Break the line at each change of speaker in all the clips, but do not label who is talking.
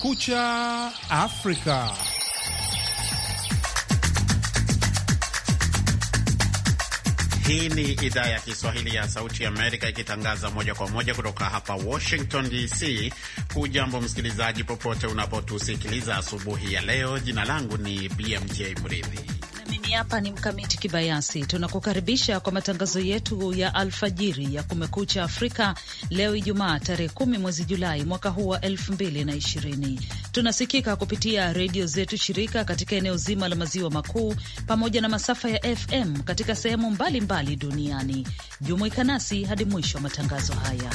Kumekucha Afrika. Hii ni idhaa ya Kiswahili ya Sauti ya Amerika ikitangaza moja kwa moja kutoka hapa Washington DC. Hujambo msikilizaji, popote unapotusikiliza asubuhi ya leo. Jina langu ni BMJ Mridhi
mimi hapa ni Mkamiti Kibayasi. Tunakukaribisha kwa matangazo yetu ya alfajiri ya Kumekucha Afrika leo Ijumaa tarehe kumi mwezi Julai mwaka huu wa elfu mbili na ishirini. Tunasikika kupitia redio zetu shirika katika eneo zima la maziwa makuu pamoja na masafa ya FM katika sehemu mbalimbali duniani. Jumuika nasi hadi mwisho wa matangazo haya.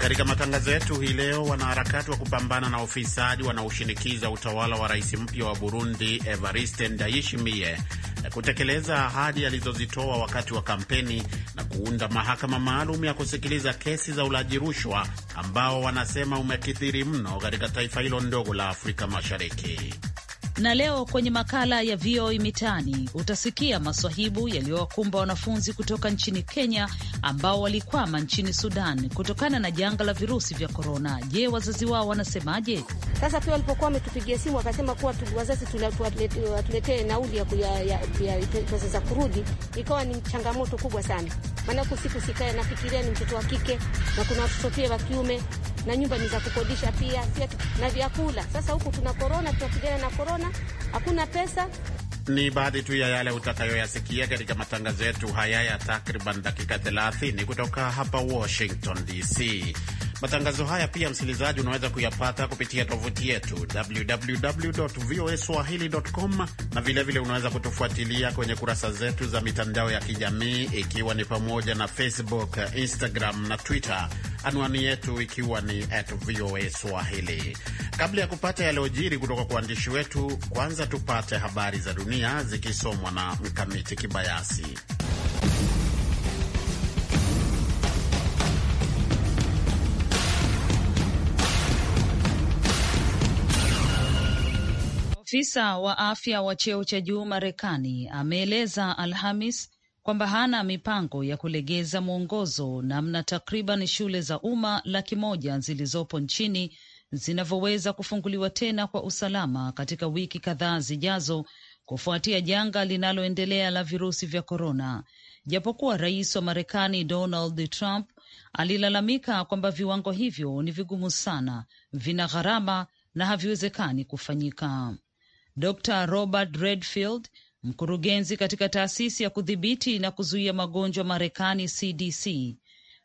Katika matangazo yetu hii leo, wanaharakati wa kupambana na ufisadi wanaoshinikiza utawala wa rais mpya wa Burundi Evariste Ndayishimiye kutekeleza ahadi alizozitoa wakati wa kampeni na kuunda mahakama maalum ya kusikiliza kesi za ulaji rushwa ambao wanasema umekithiri mno katika taifa hilo ndogo la Afrika Mashariki.
Na leo kwenye makala ya VOA Mitaani utasikia maswahibu yaliyowakumba wanafunzi kutoka nchini Kenya ambao walikwama nchini Sudan kutokana na janga la virusi vya korona. Je, wazazi wao wanasemaje?
Sasa pia walipokuwa wametupigia simu wakasema kuwa wazazi watuletee nauli ya pesa za kurudi, ikawa ni changamoto kubwa sana, maanake usiku sikae nafikiria ni mtoto wa kike na kuna watoto pia wa kiume na nyumba ni za kukodisha pia, sio na vyakula. Sasa huku tuna korona, tunapigana na korona, hakuna pesa.
Ni baadhi tu ya yale utakayoyasikia katika matangazo yetu haya ya takriban dakika 30 kutoka hapa Washington DC. Matangazo haya pia, msikilizaji, unaweza kuyapata kupitia tovuti yetu www.voaswahili.com, na vilevile unaweza kutufuatilia kwenye kurasa zetu za mitandao ya kijamii ikiwa ni pamoja na Facebook, Instagram na Twitter, anwani yetu ikiwa ni at VOA Swahili. Kabla ya kupata yaliyojiri kutoka kwa waandishi wetu, kwanza tupate habari za dunia zikisomwa na Mkamiti Kibayasi.
Afisa wa afya wa cheo cha juu Marekani ameeleza Alhamis kwamba hana mipango ya kulegeza mwongozo namna takriban shule za umma laki moja zilizopo nchini zinavyoweza kufunguliwa tena kwa usalama katika wiki kadhaa zijazo kufuatia janga linaloendelea la virusi vya korona, japokuwa rais wa Marekani Donald Trump alilalamika kwamba viwango hivyo ni vigumu sana, vina gharama na haviwezekani kufanyika. Dr Robert Redfield, mkurugenzi katika taasisi ya kudhibiti na kuzuia magonjwa Marekani, CDC,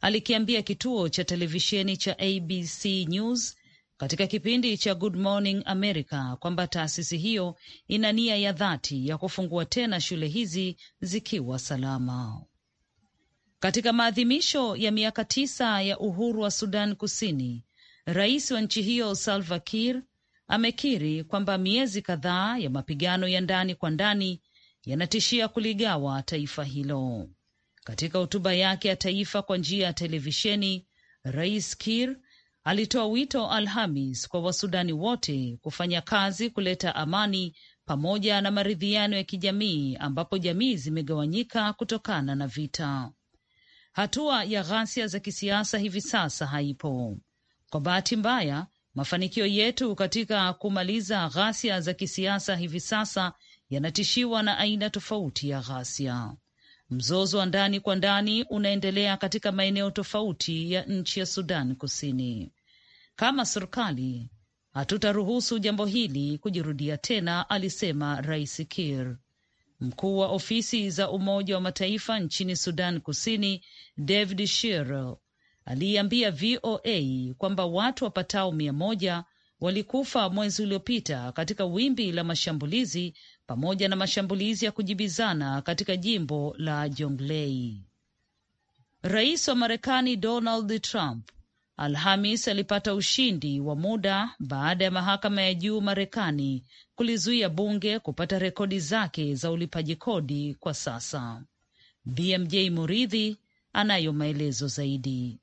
alikiambia kituo cha televisheni cha ABC News katika kipindi cha Good Morning America kwamba taasisi hiyo ina nia ya dhati ya kufungua tena shule hizi zikiwa salama. Katika maadhimisho ya miaka tisa ya uhuru wa Sudan Kusini, rais wa nchi hiyo Salva Kiir amekiri kwamba miezi kadhaa ya mapigano ya ndani kwa ndani yanatishia kuligawa taifa hilo. Katika hotuba yake ya taifa kwa njia ya televisheni, Rais kir alitoa wito Alhamis kwa Wasudani wote kufanya kazi kuleta amani pamoja na maridhiano ya kijamii ambapo jamii zimegawanyika kutokana na vita. Hatua ya ghasia za kisiasa hivi sasa haipo. Kwa bahati mbaya, Mafanikio yetu katika kumaliza ghasia za kisiasa hivi sasa yanatishiwa na aina tofauti ya ghasia. Mzozo wa ndani kwa ndani unaendelea katika maeneo tofauti ya nchi ya Sudan Kusini. Kama serikali, hatutaruhusu jambo hili kujirudia tena, alisema Rais Kir. Mkuu wa ofisi za Umoja wa Mataifa nchini Sudan Kusini, David Shirl aliiambia VOA kwamba watu wapatao mia moja walikufa mwezi uliopita katika wimbi la mashambulizi pamoja na mashambulizi ya kujibizana katika jimbo la Jonglei. Rais wa Marekani Donald Trump Alhamis alipata ushindi wa muda baada ya mahakama ya juu Marekani kulizuia bunge kupata rekodi zake za ulipaji kodi kwa sasa. BMJ Muridhi anayo maelezo zaidi.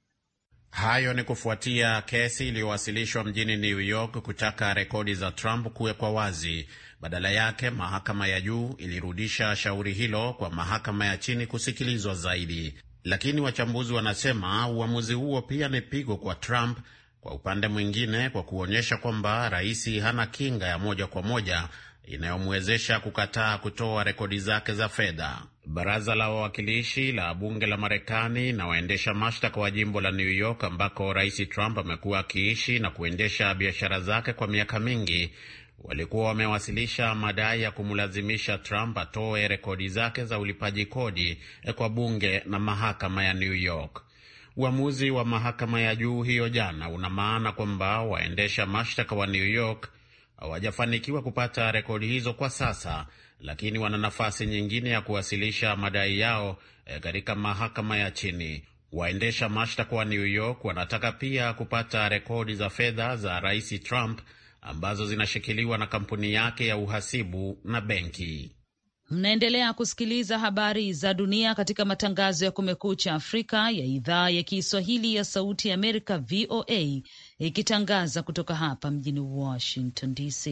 Hayo ni kufuatia kesi iliyowasilishwa mjini New York kutaka rekodi za Trump kuwekwa wazi. Badala yake, mahakama ya juu ilirudisha shauri hilo kwa mahakama ya chini kusikilizwa zaidi, lakini wachambuzi wanasema uamuzi huo pia ni pigo kwa Trump kwa upande mwingine, kwa kuonyesha kwamba rais hana kinga ya moja kwa moja inayomwezesha kukataa kutoa rekodi zake za fedha. Baraza la wawakilishi la bunge la Marekani na waendesha mashtaka wa jimbo la New York ambako Rais Trump amekuwa akiishi na kuendesha biashara zake kwa miaka mingi walikuwa wamewasilisha madai ya kumlazimisha Trump atoe rekodi zake za ulipaji kodi kwa bunge na mahakama ya New York. Uamuzi wa mahakama ya juu hiyo jana una maana kwamba waendesha mashtaka wa New York hawajafanikiwa kupata rekodi hizo kwa sasa, lakini wana nafasi nyingine ya kuwasilisha madai yao eh, katika mahakama ya chini. Waendesha mashtaka wa New York wanataka pia kupata rekodi za fedha za Rais Trump ambazo zinashikiliwa na kampuni yake ya uhasibu na benki.
Mnaendelea kusikiliza habari za dunia katika matangazo ya Kumekucha Afrika ya idhaa ya Kiswahili ya Sauti ya Amerika, VOA, ikitangaza kutoka hapa mjini Washington DC.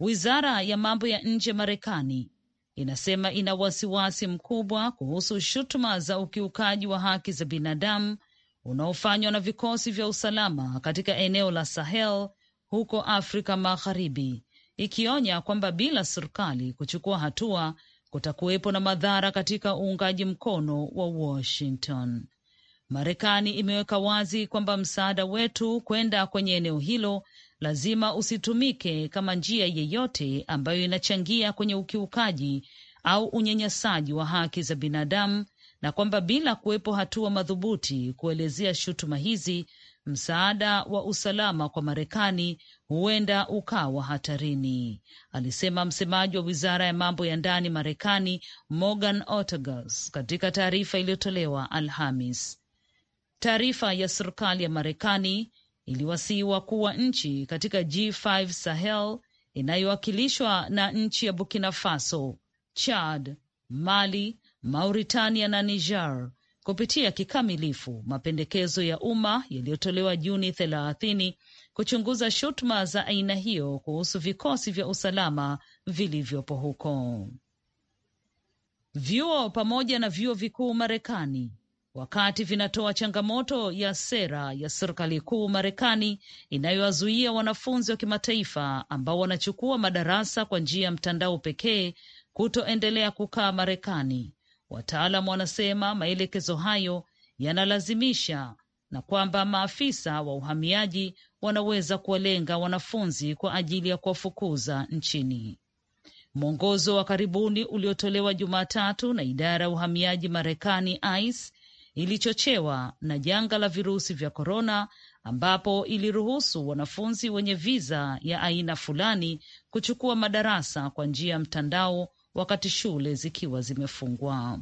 Wizara ya mambo ya nje Marekani inasema ina wasiwasi mkubwa kuhusu shutuma za ukiukaji wa haki za binadamu unaofanywa na vikosi vya usalama katika eneo la Sahel huko Afrika Magharibi ikionya kwamba bila serikali kuchukua hatua kutakuwepo na madhara katika uungaji mkono wa Washington. Marekani imeweka wazi kwamba msaada wetu kwenda kwenye eneo hilo lazima usitumike kama njia yeyote ambayo inachangia kwenye ukiukaji au unyanyasaji wa haki za binadamu na kwamba bila kuwepo hatua madhubuti kuelezea shutuma hizi msaada wa usalama kwa Marekani huenda ukawa hatarini, alisema msemaji wa wizara ya mambo ya ndani Marekani Morgan Ortagus katika taarifa iliyotolewa Alhamis. Taarifa ya serikali ya Marekani iliwasiiwa kuwa nchi katika G5 Sahel inayowakilishwa na nchi ya Burkina Faso, Chad, Mali, Mauritania na Niger kupitia kikamilifu mapendekezo ya umma yaliyotolewa Juni 30 kuchunguza shutuma za aina hiyo kuhusu vikosi vya usalama vilivyopo huko. Vyuo pamoja na vyuo vikuu Marekani wakati vinatoa changamoto ya sera ya serikali kuu Marekani inayowazuia wanafunzi wa kimataifa ambao wanachukua madarasa kwa njia ya mtandao pekee kutoendelea kukaa Marekani Wataalam wanasema maelekezo hayo yanalazimisha na kwamba maafisa wa uhamiaji wanaweza kuwalenga wanafunzi kwa ajili ya kuwafukuza nchini. Mwongozo wa karibuni uliotolewa Jumatatu na idara ya uhamiaji Marekani, ICE, ilichochewa na janga la virusi vya korona, ambapo iliruhusu wanafunzi wenye viza ya aina fulani kuchukua madarasa kwa njia ya mtandao wakati shule zikiwa zimefungwa.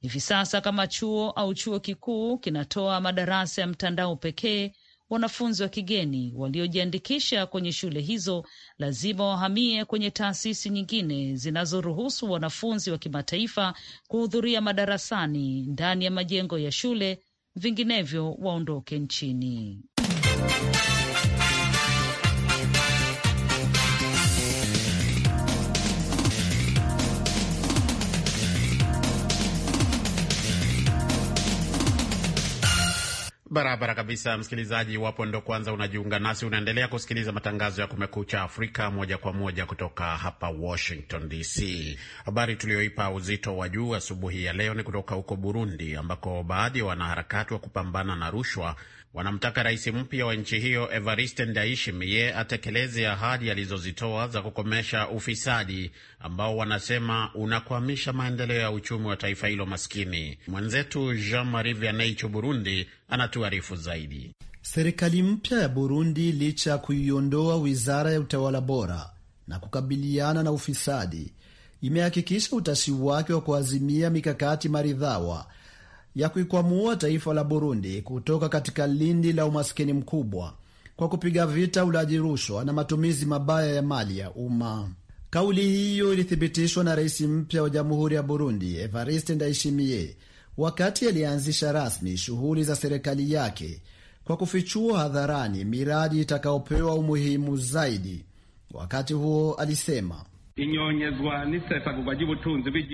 Hivi sasa kama chuo au chuo kikuu kinatoa madarasa ya mtandao pekee, wanafunzi wa kigeni waliojiandikisha kwenye shule hizo lazima wahamie kwenye taasisi nyingine zinazoruhusu wanafunzi wa kimataifa kuhudhuria madarasani ndani ya majengo ya shule, vinginevyo waondoke nchini.
Barabara kabisa, msikilizaji. Iwapo ndo kwanza unajiunga nasi, unaendelea kusikiliza matangazo ya Kumekucha Afrika moja kwa moja kutoka hapa Washington DC. Habari tuliyoipa uzito wa juu asubuhi ya leo ni kutoka huko Burundi, ambako baadhi ya wanaharakati wa kupambana na rushwa Wanamtaka rais mpya wa nchi hiyo Evariste Ndayishimiye atekeleze ahadi alizozitoa za kukomesha ufisadi ambao wanasema unakwamisha maendeleo ya uchumi wa taifa hilo maskini. Mwenzetu Jean Marie Vianney Burundi, anatuarifu zaidi.
Serikali mpya ya Burundi, licha ya kuiondoa wizara ya utawala bora na kukabiliana na ufisadi, imehakikisha utashi wake wa kuazimia mikakati maridhawa ya kuikwamua taifa la Burundi kutoka katika lindi la umaskini mkubwa kwa kupiga vita ulaji rushwa na matumizi mabaya ya mali ya umma. Kauli hiyo ilithibitishwa na rais mpya wa jamhuri ya Burundi, Evariste Ndayishimiye, wakati alianzisha rasmi shughuli za serikali yake kwa kufichua hadharani miradi itakayopewa umuhimu zaidi. Wakati huo alisema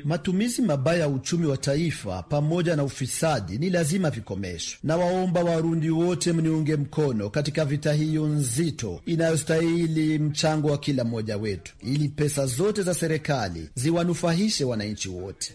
Matumizi mabaya ya uchumi wa taifa pamoja na ufisadi ni lazima vikomeshwe, na waomba Warundi wote mniunge mkono katika vita hiyo nzito inayostahili mchango wa kila mmoja wetu, ili pesa zote za serikali ziwanufahishe wananchi wote.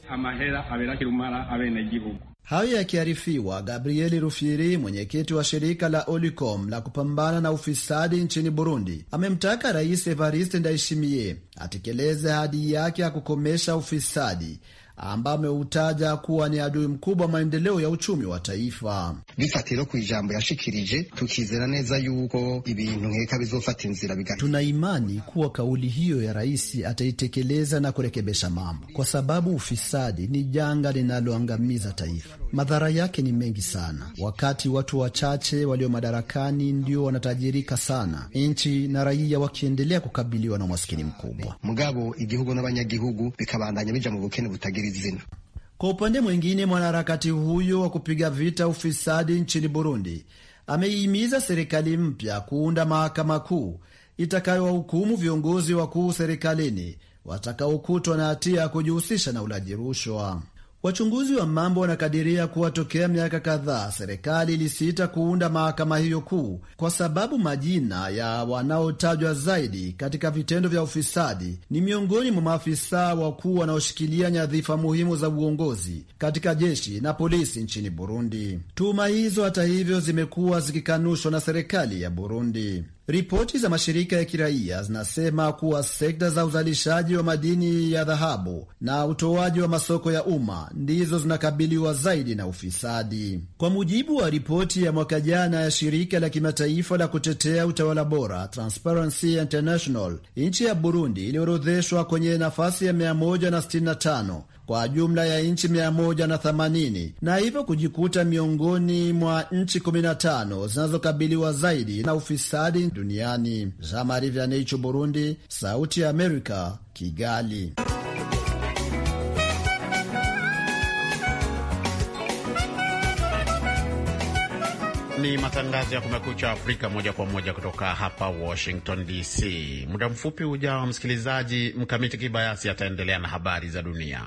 Hayo yakiarifiwa, Gabrieli Rufyiri, mwenyekiti wa shirika la Olicom la kupambana na ufisadi nchini Burundi, amemtaka Rais Evariste Ndayishimiye atekeleze ahadi yake ya kukomesha ufisadi ambayo ameutaja kuwa ni adui mkubwa wa maendeleo ya uchumi wa taifa. bifatiro ku ijambo yashikirije tukizera neza yuko ibintu nkeka bizofata inzira bigari. Tuna imani kuwa kauli hiyo ya rais ataitekeleza na kurekebesha mambo, kwa sababu ufisadi ni janga linaloangamiza taifa. Madhara yake ni mengi sana, wakati watu wachache walio madarakani ndio wanatajirika sana, nchi na raia wakiendelea kukabiliwa na umaskini mkubwa mgabo igihugu n'abanyagihugu bikabandanya bija mu bukene butagira ardhini. Kwa upande mwingine, mwanaharakati huyo wa kupiga vita ufisadi nchini Burundi ameihimiza serikali mpya kuunda mahakama kuu itakayowahukumu viongozi wakuu serikalini watakaokutwa na hatia ya kujihusisha na ulaji rushwa. Wachunguzi wa mambo wanakadiria kuwa tokea miaka kadhaa serikali ilisita kuunda mahakama hiyo kuu kwa sababu majina ya wanaotajwa zaidi katika vitendo vya ufisadi ni miongoni mwa maafisa wakuu wanaoshikilia nyadhifa muhimu za uongozi katika jeshi na polisi nchini Burundi. Tuhuma hizo hata hivyo zimekuwa zikikanushwa na serikali ya Burundi. Ripoti za mashirika ya kiraia zinasema kuwa sekta za uzalishaji wa madini ya dhahabu na utoaji wa masoko ya umma ndizo zinakabiliwa zaidi na ufisadi. Kwa mujibu wa ripoti ya mwaka jana ya shirika la kimataifa la kutetea utawala bora Transparency International, nchi ya Burundi iliorodheshwa kwenye nafasi ya 165 kwa jumla ya nchi 180 na, na hivyo kujikuta miongoni mwa nchi 15 zinazokabiliwa zaidi na ufisadi duniani. Jean Marie Burundi, Sauti ya Amerika, Kigali.
Ni matangazo ya Kumekucha Afrika moja kwa moja kutoka hapa Washington DC. Muda mfupi ujao, msikilizaji, Mkamiti Kibayasi ataendelea na habari za dunia.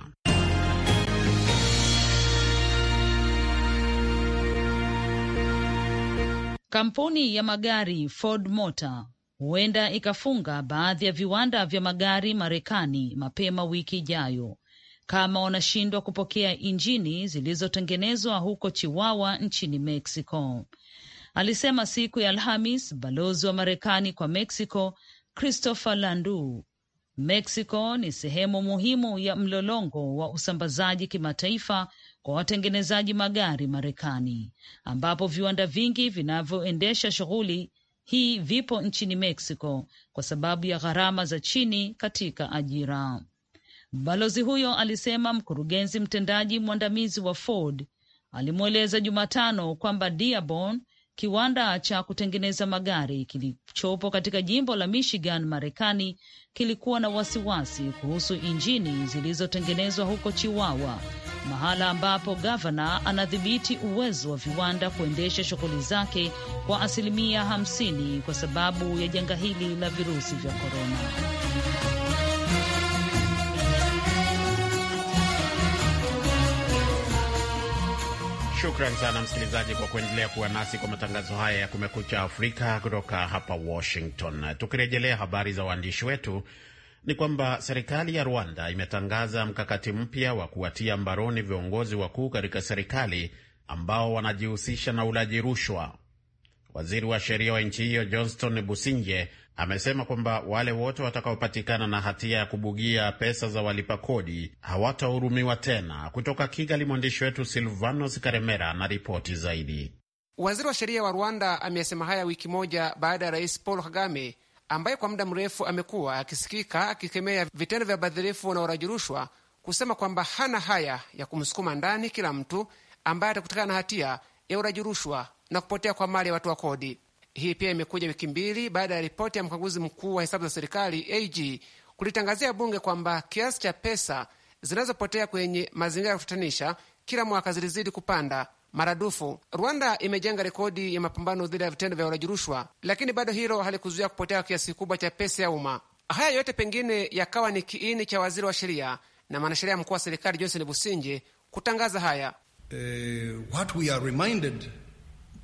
Kampuni ya magari Ford Motor huenda ikafunga baadhi ya viwanda vya magari Marekani mapema wiki ijayo kama wanashindwa kupokea injini zilizotengenezwa huko Chiwawa nchini Mexico, alisema siku ya Alhamis balozi wa Marekani kwa Mexico Christopher Landu. Mexico ni sehemu muhimu ya mlolongo wa usambazaji kimataifa kwa watengenezaji magari Marekani, ambapo viwanda vingi vinavyoendesha shughuli hii vipo nchini Mexico kwa sababu ya gharama za chini katika ajira. Balozi huyo alisema mkurugenzi mtendaji mwandamizi wa Ford alimweleza Jumatano kwamba Dearborn Kiwanda cha kutengeneza magari kilichopo katika jimbo la Michigan, Marekani, kilikuwa na wasiwasi kuhusu injini zilizotengenezwa huko Chiwawa, mahala ambapo gavana anadhibiti uwezo wa viwanda kuendesha shughuli zake kwa asilimia 50 kwa sababu ya janga hili la virusi vya korona.
Shukran sana msikilizaji kwa kuendelea kuwa nasi kwa matangazo haya ya Kumekucha Afrika kutoka hapa Washington. Tukirejelea habari za waandishi wetu, ni kwamba serikali ya Rwanda imetangaza mkakati mpya wa kuwatia mbaroni viongozi wakuu katika serikali ambao wanajihusisha na ulaji rushwa. Waziri wa sheria wa nchi hiyo Johnston Businje amesema kwamba wale wote watakaopatikana na hatia ya kubugia pesa za walipa kodi hawatahurumiwa tena. Kutoka Kigali, mwandishi wetu Silvanos Karemera na ripoti zaidi.
Waziri wa sheria wa Rwanda amesema haya wiki moja baada ya Rais Paul Kagame ambaye kwa muda mrefu amekuwa akisikika akikemea vitendo vya ubadhirifu na uraji rushwa kusema kwamba hana haya ya kumsukuma ndani kila mtu ambaye atakutikana na hatia ya uraji rushwa na kupotea kwa mali ya watu wa kodi. Hii pia imekuja wiki mbili baada ya ripoti ya mkaguzi mkuu wa hesabu za serikali AG kulitangazia bunge kwamba kiasi cha pesa zinazopotea kwenye mazingira ya kutatanisha kila mwaka zilizidi kupanda maradufu. Rwanda imejenga rekodi ya mapambano dhidi ya vitendo vya ulaji rushwa, lakini bado hilo halikuzuia kupotea kiasi kikubwa cha pesa ya umma. Haya yote pengine yakawa ni kiini cha waziri wa sheria na mwanasheria mkuu wa serikali Johnson Businje kutangaza haya.
Uh, what
we are reminded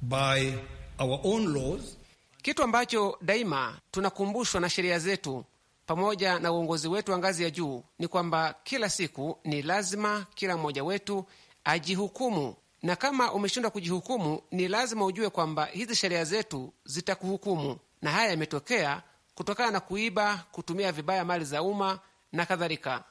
by our own laws,
kitu ambacho daima tunakumbushwa na sheria zetu pamoja na uongozi wetu wa ngazi ya juu ni kwamba kila siku ni lazima kila mmoja wetu ajihukumu, na kama umeshindwa kujihukumu, ni lazima ujue kwamba hizi sheria zetu zitakuhukumu. Na haya yametokea kutokana na kuiba, kutumia vibaya mali za umma na kadhalika.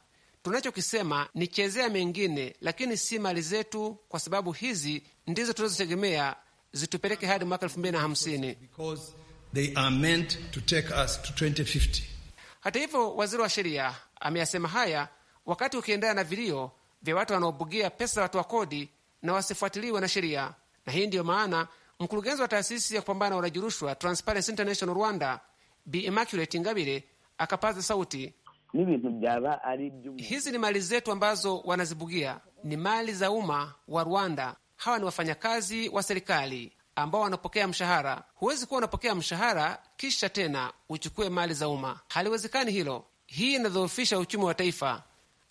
Tunachokisema ni chezea mengine, lakini si mali zetu, kwa sababu hizi ndizo tunazotegemea zitupeleke hadi mwaka
2050.
Hata hivyo, waziri wa sheria ameyasema haya wakati ukiendana na vilio vya watu wanaobugia pesa watu wa kodi na wasifuatiliwe na sheria, na hii ndiyo maana mkurugenzi wa taasisi ya kupambana na ulaji rushwa Transparency International Rwanda Bi Immaculate Ngabire akapaza sauti, hizi ni mali zetu ambazo wanazibugia, ni mali za umma wa Rwanda hawa ni wafanyakazi wa serikali ambao wanapokea mshahara. Huwezi kuwa unapokea mshahara kisha tena uchukue mali za umma, haliwezekani hilo. Hii inadhoofisha uchumi wa taifa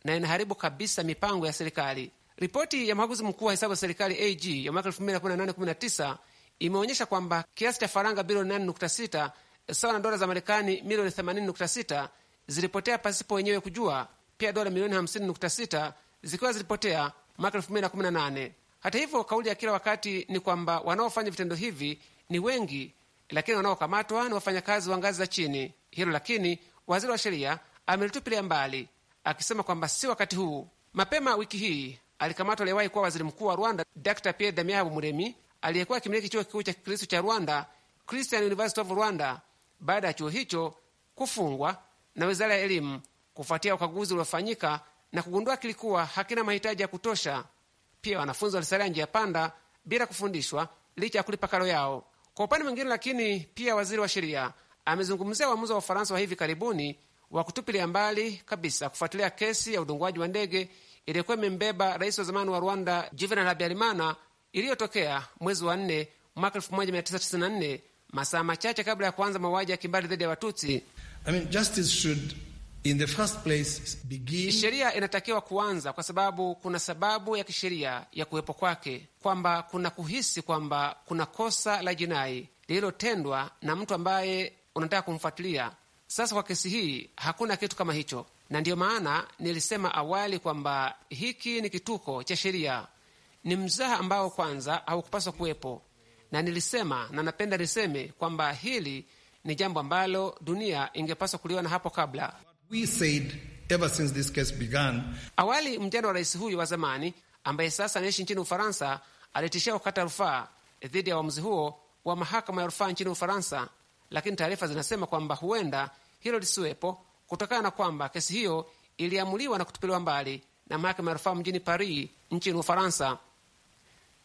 na inaharibu kabisa mipango ya serikali. Ripoti ya mkaguzi mkuu wa hesabu za serikali AG ya mwaka 2018 imeonyesha kwamba kiasi cha faranga bilioni 8.6 sawa na dola za Marekani milioni 80.6 zilipotea pasipo wenyewe kujua, pia dola milioni 50.6 zikiwa zilipotea mwaka 2018. Hata hivyo, kauli ya kila wakati ni kwamba wanaofanya vitendo hivi ni wengi, lakini wanaokamatwa ni wafanyakazi wa ngazi za chini. Hilo lakini waziri wa sheria amelitupilia mbali, akisema kwamba si wakati huu. Mapema wiki hii alikamatwa aliyewahi kuwa waziri mkuu wa Rwanda Dr Pierre Damien Habumuremi aliyekuwa akimiliki chuo kikuu cha kikristu cha Rwanda, Christian University of Rwanda, baada ya chuo hicho kufungwa na wizara ya elimu kufuatia ukaguzi uliofanyika na kugundua kilikuwa hakina mahitaji ya kutosha pia wanafunzi walisalia njia panda bila kufundishwa licha ya kulipa karo yao. Kwa upande mwingine, lakini pia waziri wa sheria amezungumzia uamuzi wa Ufaransa wa hivi karibuni wa kutupilia mbali kabisa kufuatilia kesi ya udunguaji wa ndege iliyokuwa imembeba rais wa zamani wa Rwanda Juvenal Habyarimana iliyotokea mwezi wa nne mwaka 1994 masaa machache kabla ya kuanza mauaji ya kimbari dhidi ya Watutsi. I mean, begin... sheria inatakiwa kuanza kwa sababu kuna sababu ya kisheria ya kuwepo kwake, kwamba kuna kuhisi kwamba kuna kosa la jinai lililotendwa na mtu ambaye unataka kumfuatilia. Sasa kwa kesi hii hakuna kitu kama hicho, na ndiyo maana nilisema awali kwamba hiki ni kituko cha sheria, ni mzaha ambao kwanza haukupaswa kuwepo, na nilisema na napenda niseme kwamba hili ni jambo ambalo dunia ingepaswa kuliona hapo kabla.
We said ever since this case
began.
Awali mtendo wa rais huyu wa zamani ambaye sasa anaishi nchini Ufaransa alitishia kukata rufaa dhidi ya uamuzi huo wa mahakama ya rufaa nchini Ufaransa, lakini taarifa zinasema kwamba huenda hilo lisiwepo kutokana na kwamba kesi hiyo iliamuliwa na kutupiliwa mbali na mahakama ya rufaa mjini Paris nchini Ufaransa.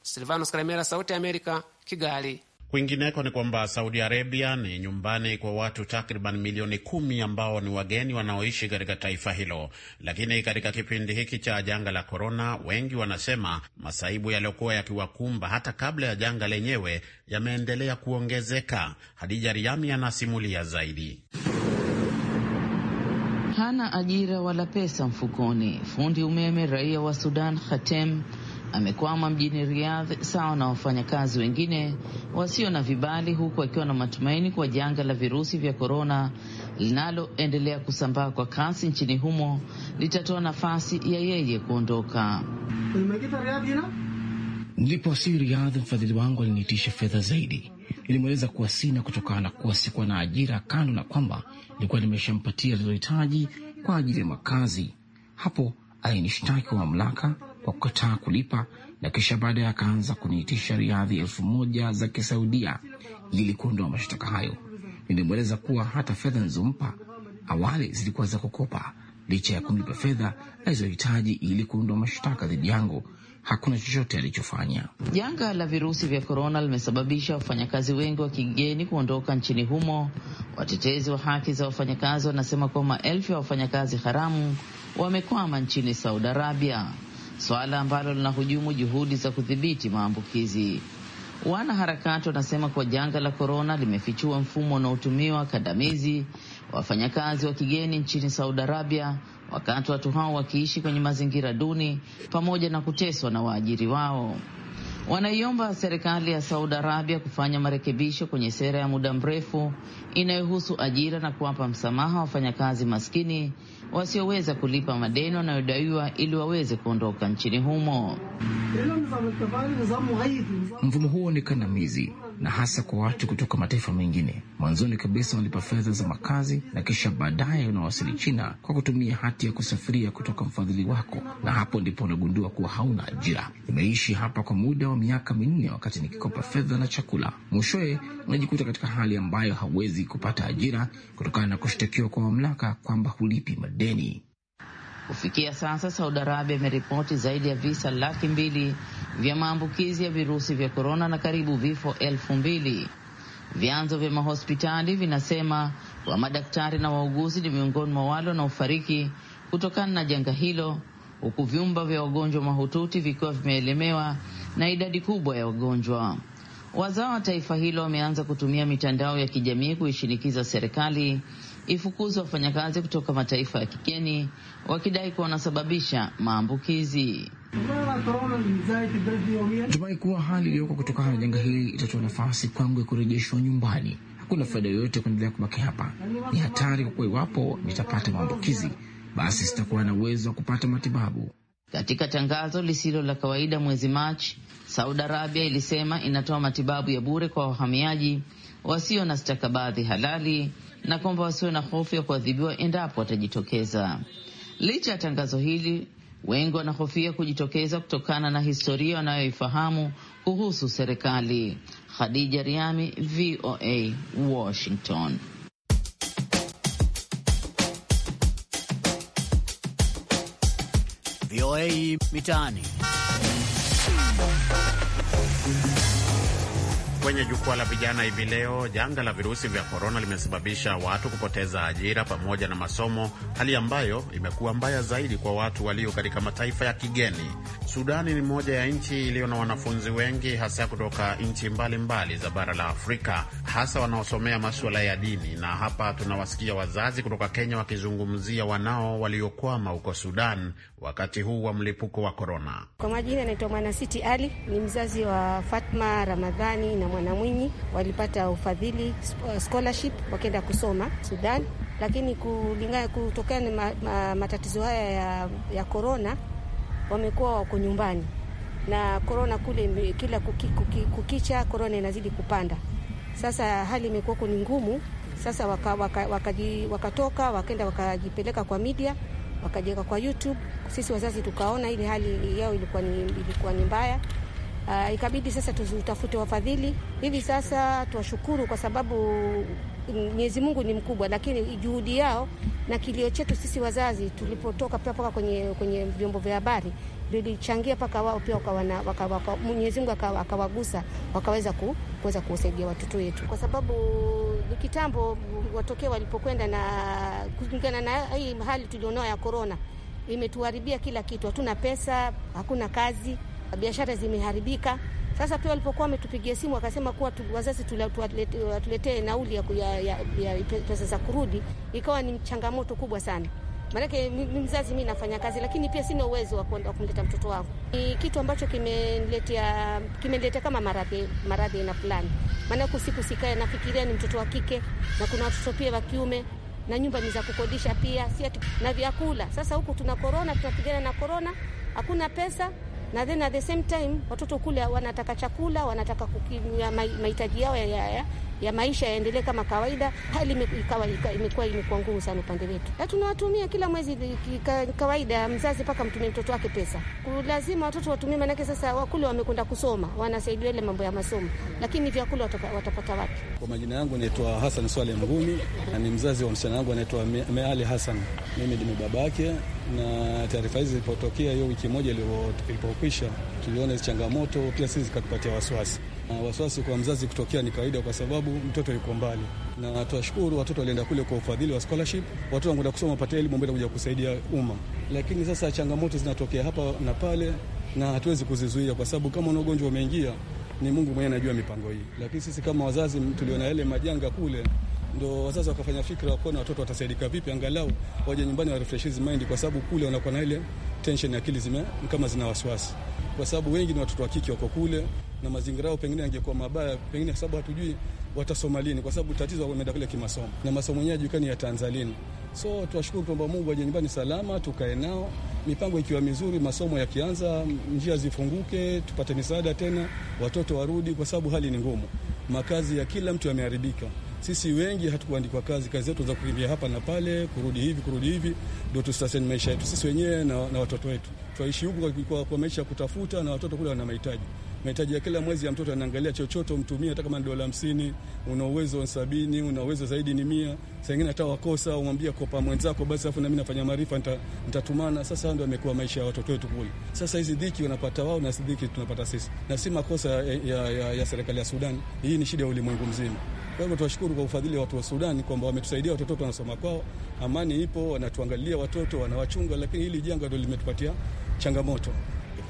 Silvanos Kalemera, Sauti ya Amerika, Kigali.
Kwingineko ni kwamba Saudi Arabia ni nyumbani kwa watu takriban milioni kumi ambao ni wageni wanaoishi katika taifa hilo, lakini katika kipindi hiki cha janga la korona, wengi wanasema masaibu yaliyokuwa yakiwakumba hata kabla ya janga lenyewe yameendelea kuongezeka. Hadija Riami anasimulia zaidi.
Hana ajira wala pesa mfukoni, fundi umeme raia wa Sudan Khatem amekwama mjini Riyadh sawa na wafanyakazi wengine wasio na vibali, huku akiwa na matumaini kwa janga la virusi vya korona linaloendelea kusambaa kwa kasi nchini humo litatoa nafasi ya yeye kuondoka.
Nilipowasili Riyadh, mfadhili wangu aliniitisha fedha zaidi. Nilimweleza kuwa sina, kutokana na kuwa sikuwa na ajira, kando na kwamba nilikuwa nimeshampatia alilohitaji kwa ajili ya makazi. Hapo alinishtaki kwa mamlaka kwa kukataa kulipa, na kisha baadaye akaanza kuniitisha riadhi elfu moja za kisaudia ili kuondoa mashtaka hayo. Nilimweleza kuwa hata fedha nilizompa awali zilikuwa za kukopa, licha ya kumlipa fedha alizohitaji ili kuondoa mashtaka dhidi yangu hakuna chochote alichofanya.
Janga la virusi vya korona limesababisha wafanyakazi wengi wa kigeni kuondoka nchini humo. Watetezi wa haki za wafanyakazi wanasema kuwa maelfu ya wafanyakazi haramu wamekwama nchini Saudi Arabia suala ambalo linahujumu juhudi za kudhibiti maambukizi. Wanaharakati wanasema kuwa janga la korona limefichua mfumo unaotumiwa kandamizi wafanyakazi wa kigeni nchini Saudi Arabia, wakati watu hao wakiishi kwenye mazingira duni pamoja na kuteswa na waajiri wao. Wanaiomba serikali ya Saudi Arabia kufanya marekebisho kwenye sera ya muda mrefu inayohusu ajira na kuwapa msamaha wafanyakazi maskini wasioweza kulipa madeni wanayodaiwa ili waweze kuondoka nchini humo.
Mfumo huo ni kandamizi na hasa kwa watu kutoka mataifa mengine. Mwanzoni kabisa wanalipa fedha za makazi na kisha baadaye unawasili China kwa kutumia hati ya kusafiria kutoka mfadhili wako, na hapo ndipo unagundua kuwa hauna ajira. Nimeishi hapa kwa muda wa miaka minne, wakati nikikopa fedha na chakula. Mwishowe unajikuta katika hali ambayo hauwezi kupata ajira kutokana na kushtakiwa kwa mamlaka kwamba hulipi madeni.
Kufikia sasa Saudi Arabia imeripoti zaidi ya visa laki mbili vya maambukizi ya virusi vya korona na karibu vifo elfu mbili. Vyanzo vya mahospitali vinasema wa madaktari na wauguzi ni miongoni mwa wale wanaofariki kutokana na janga hilo, huku vyumba vya wagonjwa mahututi vikiwa vimeelemewa na idadi kubwa ya wagonjwa. Wazao wa taifa hilo wameanza kutumia mitandao ya kijamii kuishinikiza serikali ifukuze wafanyakazi kutoka mataifa ya kigeni wakidai kuwa wanasababisha maambukizi.
Natumai kuwa hali iliyoko kutokana na janga hili itatoa nafasi kwangu ya kurejeshwa nyumbani. Hakuna faida yoyote kuendelea kubaki hapa, ni hatari kwa kuwa iwapo nitapata maambukizi basi sitakuwa na uwezo wa kupata matibabu.
Katika tangazo lisilo la kawaida mwezi Machi, Saudi Arabia ilisema inatoa matibabu ya bure kwa wahamiaji wasio na stakabadhi halali na kwamba wasiwe na hofu ya kuadhibiwa endapo watajitokeza. Licha ya tangazo hili, wengi wanahofia kujitokeza kutokana na historia wanayoifahamu kuhusu serikali. Khadija Riami, VOA, Washington.
VOA Mitaani. Kwenye jukwaa la vijana hivi leo, janga la virusi vya korona limesababisha watu kupoteza ajira pamoja na masomo, hali ambayo imekuwa mbaya zaidi kwa watu walio katika mataifa ya kigeni. Sudani ni moja ya nchi iliyo na wanafunzi wengi, hasa kutoka nchi mbalimbali za bara la Afrika, hasa wanaosomea masuala ya dini, na hapa tunawasikia wazazi kutoka Kenya wakizungumzia wanao waliokwama huko Sudan wakati huu wa mlipuko wa korona.
Kwa majina, anaitwa Mwanasiti Ali, ni mzazi wa Fatma Ramadhani na Mwanamwinyi walipata ufadhili uh, scholarship, wakienda kusoma Sudan, lakini kulingana kutokana na ma, matatizo haya ya, ya korona wamekuwa wako nyumbani na korona kule, kila kuki, kuki, kukicha korona inazidi kupanda. Sasa hali imekuwako ni ngumu. Sasa wakatoka waka, waka waka wakaenda wakajipeleka kwa media wakajiweka kwa YouTube. Sisi wazazi tukaona ile hali yao ilikuwa ni, ilikuwa ni mbaya Uh, ikabidi sasa tuzitafute wafadhili. Hivi sasa tuwashukuru kwa sababu Mwenyezi Mungu ni mkubwa, lakini juhudi yao na kilio chetu sisi wazazi tulipotoka pia paka kwenye, kwenye vyombo vya habari vilichangia mpaka wao pia Mwenyezi Mungu akawagusa wakaweza ku, kuweza kuwasaidia watoto wetu, kwa sababu ni kitambo watokea walipokwenda, na kulingana na hii hali tulionao ya korona imetuharibia kila kitu. Hatuna pesa, hakuna kazi biashara zimeharibika. Sasa pia walipokuwa wametupigia simu wakasema kuwa tu, wazazi watuletee nauli ya, ya, ya, ya pesa za kurudi, ikawa ni changamoto kubwa sana. Maanake mzazi mi nafanya kazi, lakini pia sina uwezo wa kwenda kumleta mtoto wangu. Ni kitu ambacho kimeniletea kimeniletea kama maradhi maradhi na fulani, maanake usiku sikae nafikiria ni mtoto wa kike na kuna watoto pia wa kiume na nyumba ni za kukodisha pia, si na vyakula. Sasa huku tuna korona, tunapigana na korona, hakuna pesa na then at the same time watoto kule wanataka chakula, wanataka kukimia mahitaji yao ya, ya, ya maisha yaendelee kama kawaida. Hali imekuwa imekuwa ngumu sana upande wetu, na tunawatumia kila mwezi kawaida, mzazi mpaka mtumie mtoto wake pesa, lazima watoto watumie, maanake sasa wakule wamekwenda kusoma, wanasaidia ile mambo ya masomo, lakini vyakula watapata wapi?
Kwa majina yangu naitwa Hasan Swale Mgumi na ni mzazi wa msichana wangu anaitwa Meali Hasan, mimi ndimi yake na taarifa hizi zilipotokea hiyo wiki moja ilipokwisha, tuliona hizi changamoto pia sisi zikatupatia wasiwasi na wasiwasi kwa mzazi kutokea ni kawaida, kwa sababu mtoto yuko mbali, na tunashukuru watoto walienda kule kwa ufadhili wa scholarship, watoto wanakwenda kusoma, wapate elimu ambayo itakuja kusaidia umma. Lakini sasa changamoto zinatokea hapa na pale, na hatuwezi kuzizuia, kwa sababu kama una ugonjwa umeingia, ni Mungu mwenyewe anajua mipango hii. Lakini sisi kama wazazi tuliona yale majanga kule ndo wazazi wakafanya fikra wakuona watoto watasaidika vipi, angalau waje nyumbani wa refresh his mind, kwa sababu kule wanakuwa na ile tension, ya akili zime kama zina wasiwasi, kwa sababu wengi ni watoto wa kike wako kule, na mazingira yao pengine yangekuwa mabaya, pengine kwa sababu hatujui watasoma lini, kwa sababu tatizo wameenda kule kimasomo na masomo yenyewe hayajulikani yataanza lini. So tuwashukuru, kwamba Mungu aje nyumbani salama, tukae nao, mipango ikiwa mizuri, masomo yakianza, njia zifunguke, tupate misaada tena, watoto warudi, kwa sababu hali ni ngumu. Makazi ya kila mtu yameharibika. Sisi wengi hatukuandikwa kazi, kazi zetu za kukimbia hapa na pale, kurudi hivi kurudi hivi, ndio tusaseni maisha yetu sisi wenyewe na, na watoto wetu. Twaishi huku kwa, kwa maisha ya kutafuta, na watoto kule wana mahitaji mahitaji ya kila mwezi ya mtoto, anaangalia chochote umtumie, hata kama ni dola hamsini. Una uwezo wa sabini, una uwezo zaidi ni mia. Saa ingine hata wakosa, umwambia kopa mwenzako basi, afu nami nafanya maarifa, nitatumana. Sasa ndio amekuwa maisha ya watoto wetu kule. Sasa hizi dhiki wanapata wao na dhiki tunapata sisi, na si makosa ya, ya, ya, ya serikali ya Sudan. Hii ni shida ya ulimwengu mzima. Kwa hivyo tuwashukuru kwa ufadhili wa watu wa Sudan kwamba wametusaidia watoto wetu wanasoma kwao, amani ipo, wanatuangalia watoto, wanawachunga, lakini hili janga ndo limetupatia changamoto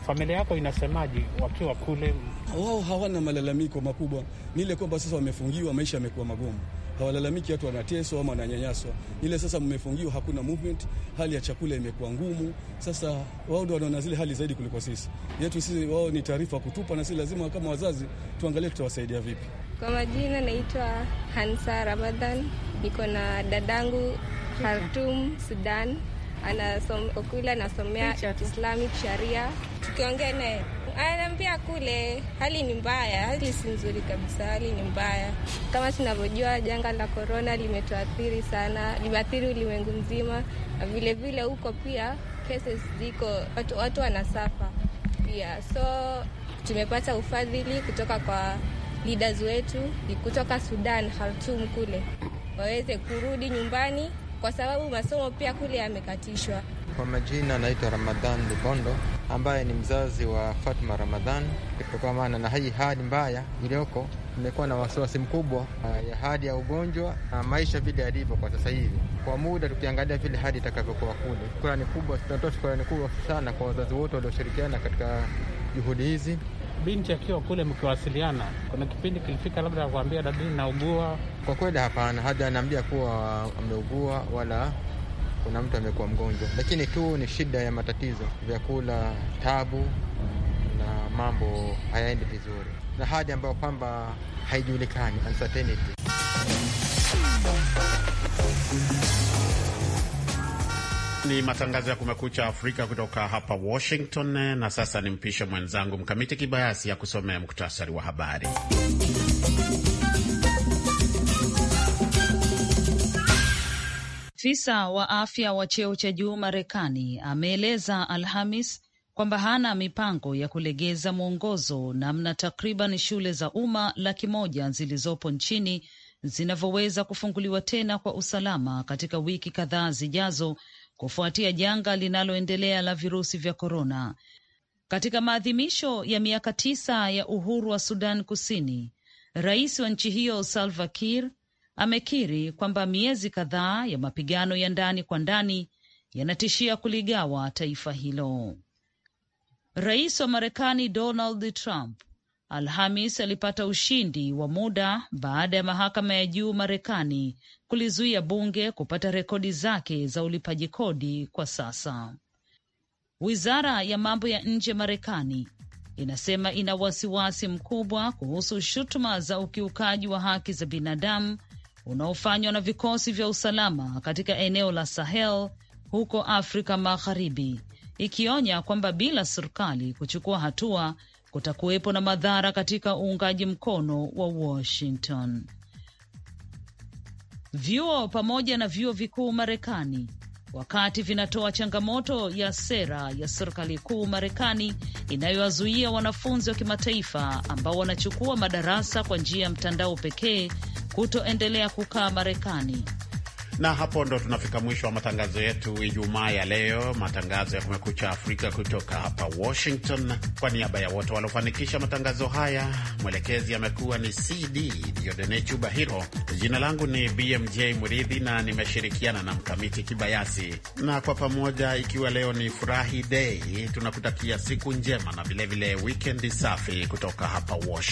familia yako inasemaje wakiwa kule? Wao hawana malalamiko makubwa, ni ile kwamba sasa wamefungiwa, maisha yamekuwa magumu hawalalamiki watu wanateswa ama wananyanyaswa. Ile sasa mmefungiwa, hakuna movement, hali ya chakula imekuwa ngumu. Sasa wao ndio wanaona zile hali zaidi kuliko sisi. Yetu sisi wao ni taarifa kutupa, na sisi lazima kama wazazi tuangalie tutawasaidia vipi.
Kwa majina, naitwa Hansa Ramadhan, niko na dadangu Khartoum, Sudan, anasomea Islamic Sharia tukiongea naye anaambia kule hali ni mbaya, hali si nzuri kabisa, hali ni mbaya. Kama tunavyojua janga la korona limetuathiri sana, limeathiri ulimwengu mzima, na vilevile huko pia cases ziko, watu, watu wanasafa pia, so tumepata ufadhili kutoka kwa leaders wetu kutoka Sudan, Khartoum kule waweze kurudi nyumbani, kwa sababu masomo pia kule yamekatishwa.
Kwa majina anaitwa
Ramadhan Libondo, ambaye ni mzazi wa Fatma Ramadhan. Kutokana na hii hali mbaya iliyoko, imekuwa na wasiwasi mkubwa eh, ya hali ya ugonjwa na maisha vile yalivyo kwa sasa hivi. Kwa muda tukiangalia vile hali itakavyokuwa kule, shukrani kubwa, tunatoa shukrani kubwa sana kwa wazazi wote walioshirikiana katika juhudi hizi. Binti akiwa kule mkiwasiliana, kuna kipindi kilifika labda ya kuambia naugua? Kwa kweli hapana, hadi anaambia kuwa ameugua wala kuna mtu amekuwa mgonjwa, lakini tu ni shida ya matatizo, vyakula tabu na mambo hayaendi vizuri,
na hali ambayo kwamba haijulikani uncertainty.
Ni matangazo ya Kumekucha Afrika kutoka hapa Washington. Na sasa nimpishe mwenzangu Mkamiti Kibayasi ya kusomea muktasari wa habari.
Afisa wa afya wa cheo cha juu Marekani ameeleza Alhamis kwamba hana mipango ya kulegeza mwongozo namna takriban shule za umma laki moja zilizopo nchini zinavyoweza kufunguliwa tena kwa usalama katika wiki kadhaa zijazo kufuatia janga linaloendelea la virusi vya korona. Katika maadhimisho ya miaka tisa ya uhuru wa Sudan Kusini, rais wa nchi hiyo Salva Kiir amekiri kwamba miezi kadhaa ya mapigano ya ndani kwa ndani yanatishia kuligawa taifa hilo. Rais wa Marekani Donald Trump Alhamis alipata ushindi wa muda baada ya mahakama ya juu Marekani kulizuia bunge kupata rekodi zake za ulipaji kodi. Kwa sasa, wizara ya mambo ya nje Marekani inasema ina wasiwasi mkubwa kuhusu shutuma za ukiukaji wa haki za binadamu unaofanywa na vikosi vya usalama katika eneo la Sahel huko Afrika Magharibi, ikionya kwamba bila serikali kuchukua hatua kutakuwepo na madhara katika uungaji mkono wa Washington. Vyuo pamoja na vyuo vikuu Marekani wakati vinatoa changamoto ya sera ya serikali kuu Marekani inayowazuia wanafunzi wa kimataifa ambao wanachukua madarasa kwa njia ya mtandao pekee kutoendelea kukaa Marekani
na hapo ndo tunafika mwisho wa matangazo yetu Ijumaa ya leo, matangazo ya Kumekucha Afrika kutoka hapa Washington. Kwa niaba ya wote waliofanikisha matangazo haya, mwelekezi amekuwa ni CD Diodene Chuba Hiro. Jina langu ni BMJ Muridhi na nimeshirikiana na Mkamiti Kibayasi, na kwa pamoja, ikiwa leo ni furahi dei, tunakutakia siku njema na vilevile wikendi safi kutoka hapa Washington.